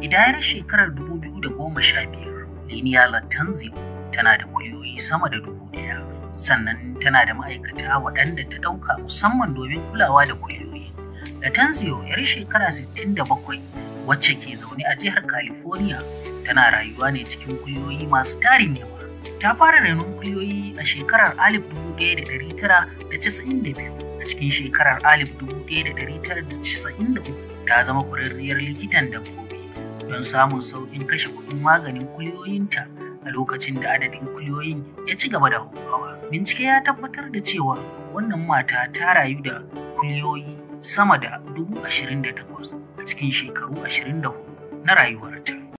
Idayar shekarar 2015 Liniya Latanzio tana da kuliyoyi sama da dubu ɗaya sannan tana da ma'aikata waɗanda ta ɗauka musamman domin kulawa da kuliyoyi. Latanzio 'yar shekara 67 wacce ke zaune a jihar California tana rayuwa ne cikin kuliyoyi masu tarin yawa. Ta fara renon kuliyoyi a shekarar 1992 a cikin shekarar 1993 ta zama kwararriyar likitan dabbobi don samun sauƙin kashe kuɗin maganin kuliyoyinta a lokacin da adadin kuliyoyin ya ci gaba da hukawa. Bincike ya tabbatar da cewa wannan mata ta rayu da kuliyoyi sama da dubu ashirin da takwas a cikin shekaru ashirin da hudu na rayuwarta.